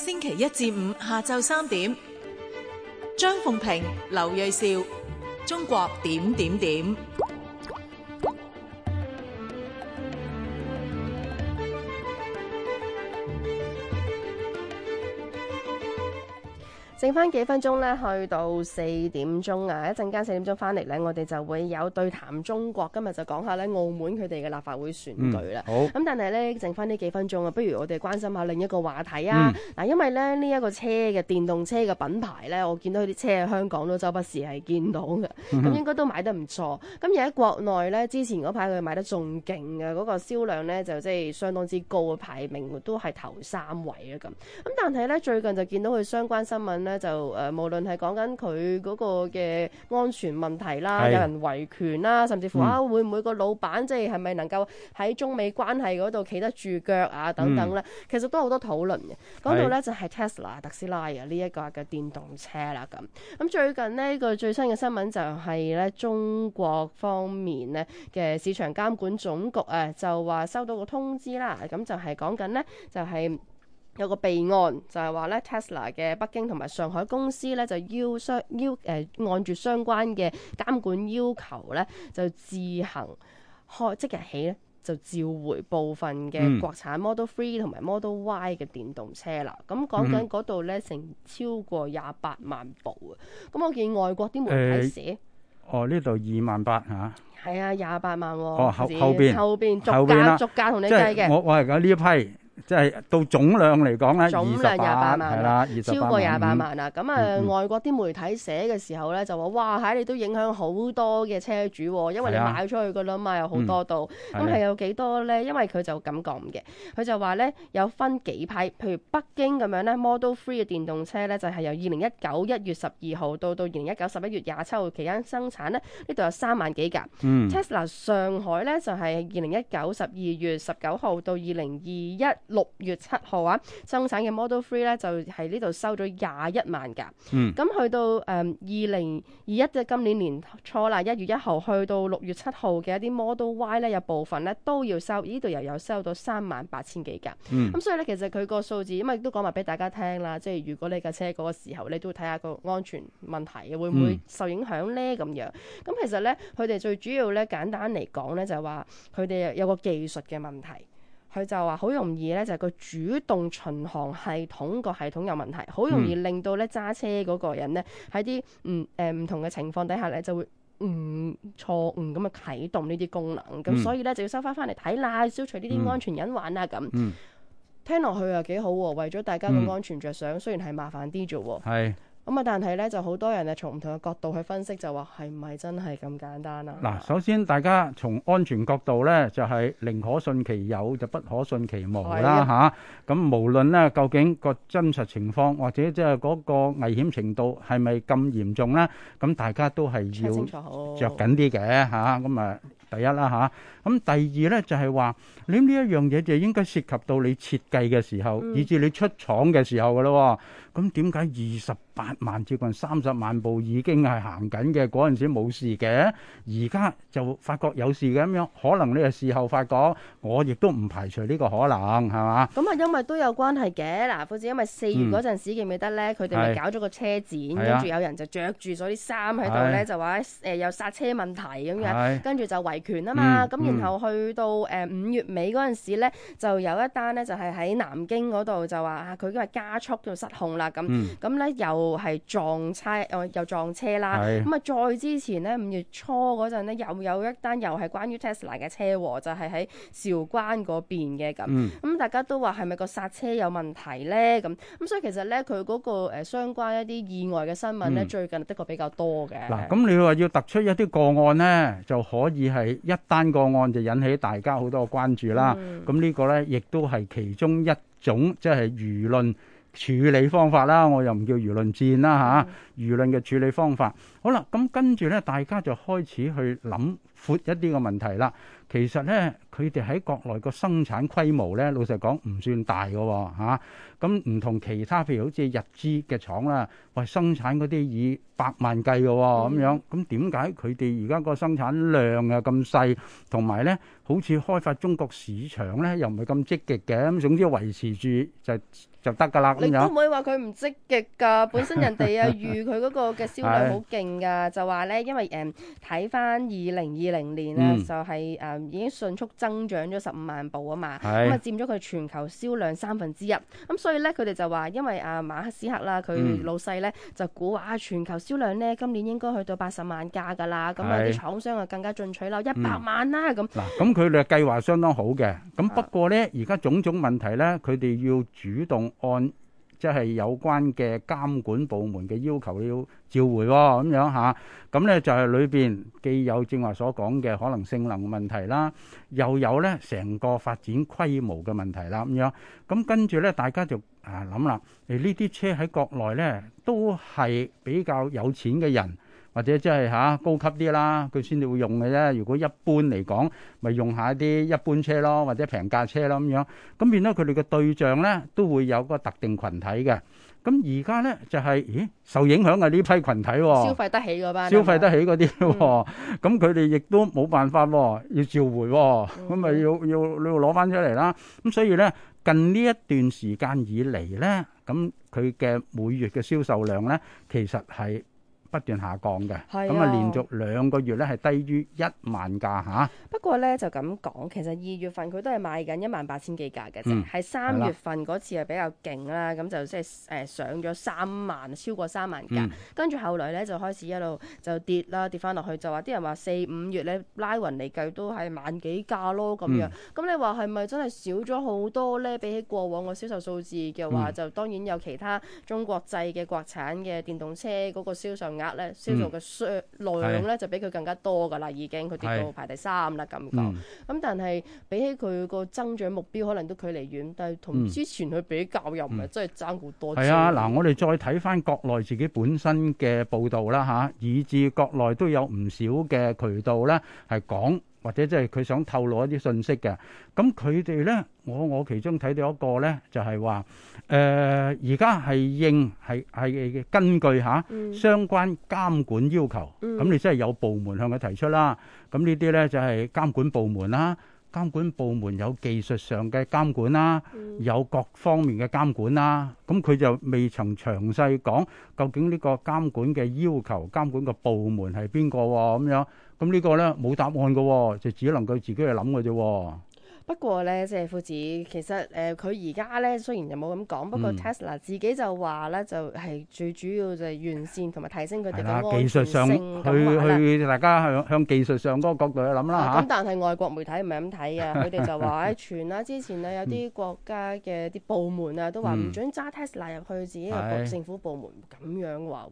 星期一至五下晝三點，張鳳平、劉瑞兆，中國點點點。剩翻幾分鐘咧，去到四點鐘啊！一陣間四點鐘翻嚟咧，我哋就會有對談中國。今日就講下咧澳門佢哋嘅立法會選舉啦、嗯。好咁，但係咧剩翻呢幾分鐘啊，不如我哋關心下另一個話題啊！嗱、嗯，因為咧呢一、這個車嘅電動車嘅品牌咧，我見到佢啲車喺香港都周不時係見到嘅，咁、嗯、應該都買得唔錯。咁而喺國內咧，之前嗰排佢買得仲勁嘅，嗰、那個銷量咧就即係相當之高啊，排名都係頭三位啊咁。咁但係咧最近就見到佢相關新聞咧就誒、呃，無論係講緊佢嗰個嘅安全問題啦，的有人維權啦，甚至乎啊，會唔會個老闆即係係咪能夠喺中美關係嗰度企得住腳啊？等等咧，嗯、其實都好多討論嘅。講到咧的就係 Tesla 特斯拉啊呢一掛嘅電動車啦咁。咁最近呢個最新嘅新聞就係咧中國方面咧嘅市場監管總局誒，就話收到個通知啦，咁就係講緊呢，就係、是。有個備案就係話咧，Tesla 嘅北京同埋上海公司咧就要相要誒按住相關嘅監管要求咧，就自行開即日起咧就召回部分嘅國產 Model Three 同埋 Model Y 嘅電動車啦。咁講緊嗰度咧，成、嗯、超過廿八萬部啊！咁、嗯、我見外國啲媒體寫，呃、哦呢度二萬八吓，係啊廿八、啊、萬喎、哦，後後邊面面逐家逐家同你計嘅，我我係講呢一批。即係到總量嚟講咧，總量廿八萬，係啦，超過廿八萬啦。咁啊，外國啲媒體寫嘅時候咧，就話、嗯：哇，嚇、哎！你都影響好多嘅車主，因為你賣出去噶啦嘛，有好多度。咁係、嗯、有幾多咧？嗯嗯、因為佢就咁講嘅，佢就話咧有分幾批，譬如北京咁樣咧，Model Three 嘅電動車咧就係、是、由二零一九一月十二號到到二零一九十一月廿七號期間生產咧，呢度有三萬幾架、嗯嗯、Tesla 上海咧就係二零一九十二月十九號到二零二一，六月七號啊，生產嘅 Model Three 咧就喺呢度收咗廿一萬架。咁、嗯、去到誒二零二一嘅今年年初啦，一月一號去到六月七號嘅一啲 Model Y 咧，有部分咧都要收，呢度又有收到三萬八千幾架。咁、嗯啊、所以咧，其實佢個數字，因為都講埋俾大家聽啦，即係如果你架車嗰個時候咧，都會睇下個安全問題會唔會受影響咧？咁樣咁、嗯嗯、其實咧，佢哋最主要咧，簡單嚟講咧，就係話佢哋有個技術嘅問題。佢就話好容易呢就係、個主動巡航系統個系統有問題，好容易令到呢揸、嗯、車嗰個人呢喺啲唔誒唔同嘅情況底下呢就會誤錯誤咁啊啟動呢啲功能，咁、嗯、所以呢，就要收翻翻嚟睇啦，消除呢啲安全隱患啦、嗯嗯、啊咁。聽落去又幾好，為咗大家嘅安全着想，嗯、雖然係麻煩啲啫。係。咁啊！但係咧，就好多人啊，從唔同嘅角度去分析，就話係唔係真係咁簡單啊？嗱，首先大家從安全角度咧，就係、是、寧可信其有，就不可信其無啦嚇。咁的、啊、無論咧，究竟個真實情況或者即係嗰個危險程度係咪咁嚴重咧？咁大家都係要着緊啲嘅嚇。咁啊，啊，啊，第一啦嚇。咁第二咧，就係、是、話你呢一樣嘢就應該涉及到你設計嘅時候，嗯、以至你出廠嘅時候噶咯喎。咁點解二十八萬接近三十萬部已經係行緊嘅，嗰陣時冇事嘅，而家就發覺有事嘅咁樣，可能呢係事後發覺，我亦都唔排除呢個可能，係嘛？咁啊，因為都有關係嘅，嗱，好似因為四月嗰陣時、嗯、記唔記得咧，佢哋咪搞咗個車展，跟住、啊、有人就着住咗啲衫喺度咧，啊、就話誒有剎車問題咁樣，跟住、啊、就維權啊嘛，咁、嗯、然後去到誒五月尾嗰陣時咧，嗯嗯、就有一單咧就係喺南京嗰度就話啊，佢因為加速到失控啦咁，咁咧、嗯嗯、由係撞差，又撞車啦。咁啊是，再之前呢，五月初嗰陣呢，又有一單又係關於 Tesla 嘅車禍，就係喺韶關嗰邊嘅咁。咁大家都話係咪個煞車有問題呢？咁咁所以其實呢，佢嗰個誒相關一啲意外嘅新聞呢，嗯、最近的確比較多嘅。嗱，咁你話要突出一啲個案呢，就可以係一單個案就引起大家好多關注啦。嗯、咁呢個呢，亦都係其中一種即係輿論。處理方法啦，我又唔叫輿論戰啦吓，輿論嘅處理方法。好啦，咁跟住咧，大家就開始去諗。闊一啲嘅問題啦，其實咧，佢哋喺國內個生產規模咧，老實講唔算大嘅吓、哦，咁、啊、唔同其他，譬如好似日資嘅廠啦，喂生產嗰啲以百萬計嘅咁、哦嗯、樣，咁點解佢哋而家個生產量啊咁細，同埋咧，好似開發中國市場咧，又唔係咁積極嘅？咁總之維持住就就得噶啦。咁樣你都唔可以話佢唔積極噶，本身人哋啊預佢嗰個嘅銷量好勁噶，就話咧因為誒睇翻二零二。呃看看零年啊，就係誒已經迅速增長咗十五萬部啊嘛，咁啊佔咗佢全球銷量三分之一。咁所以咧，佢哋就話，因為啊馬赫斯克啦，佢老細咧、嗯、就估話，全球銷量咧今年應該去到八十萬架噶啦。咁啊是，啲廠、嗯、商啊更加進取，攞一百萬啦咁。嗱、嗯，咁佢哋計劃相當好嘅。咁不過咧，而家種種問題咧，佢哋要主動按。即係有關嘅監管部門嘅要求，要召回喎、哦、咁樣嚇，咁咧就係裏邊既有正話所講嘅可能性能問題啦，又有咧成個發展規模嘅問題啦咁樣，咁跟住咧大家就啊諗啦，誒、哎、呢啲車喺國內咧都係比較有錢嘅人。或者即係吓高級啲啦，佢先至會用嘅啫。如果一般嚟講，咪用一下啲一,一般車咯，或者平價車咯咁樣。咁變咗佢哋嘅對象咧，都會有個特定群體嘅。咁而家咧就係、是，咦，受影響嘅呢批群體喎、啊。消費得起嗰班。消費得起嗰啲喎。咁佢哋亦都冇辦法喎，要召回喎。咁咪、嗯、要要攞翻出嚟啦。咁所以咧，近呢一段時間以嚟咧，咁佢嘅每月嘅銷售量咧，其實係。不斷下降嘅。咁啊連續兩個月咧係低於一萬架嚇。啊、不過咧就咁講，其實二月份佢都係賣緊一萬八千幾架嘅啫，係三、嗯、月份嗰次係比較勁啦，咁、嗯、就即係誒上咗三萬，超過三萬架。嗯、跟住後來咧就開始一路就跌啦，跌翻落去就話啲人話四五月咧拉勻嚟計都係萬幾架咯咁樣。咁、嗯、你話係咪真係少咗好多咧？比起過往個銷售數字嘅話，嗯嗯、就當然有其他中國製嘅國產嘅電動車嗰個銷售。額咧，銷售嘅量咧就比佢更加多㗎喇，已經佢跌到排第三啦咁講。咁但係比起佢個增長目標，可能都距離遠。但係同之前去比較，又唔係真係爭好多。係啊的，嗱過，我哋再睇返國內自己本身嘅報道啦吓，以至國內都有唔少嘅渠道咧係講。或者即係佢想透露一啲信息嘅，咁佢哋咧，我我其中睇到一個咧，就係、是、話，誒而家係應係係根據嚇、啊、相關監管要求，咁你即係有部門向佢提出啦，咁呢啲咧就係、是、監管部門啦、啊。監管部門有技術上嘅監管啦、啊，有各方面嘅監管啦、啊，咁佢就未曾詳細講究竟呢個監管嘅要求、監管嘅部門係邊個咁樣？咁呢個呢，冇答案㗎、啊，就只能夠自己去諗㗎啫。不過咧，謝父子其實誒，佢而家咧雖然又冇咁講，不過 Tesla 自己就話咧，就係、是、最主要就係完善同埋提升佢哋嘅技術上，去去，去大家向向技術上嗰個角度去諗啦。咁但係外國媒體唔係咁睇啊，佢哋 就話誒，傳啦之前咧有啲國家嘅啲部門啊，都話唔准揸 Tesla 入去自己嘅部政府部門，咁的樣話。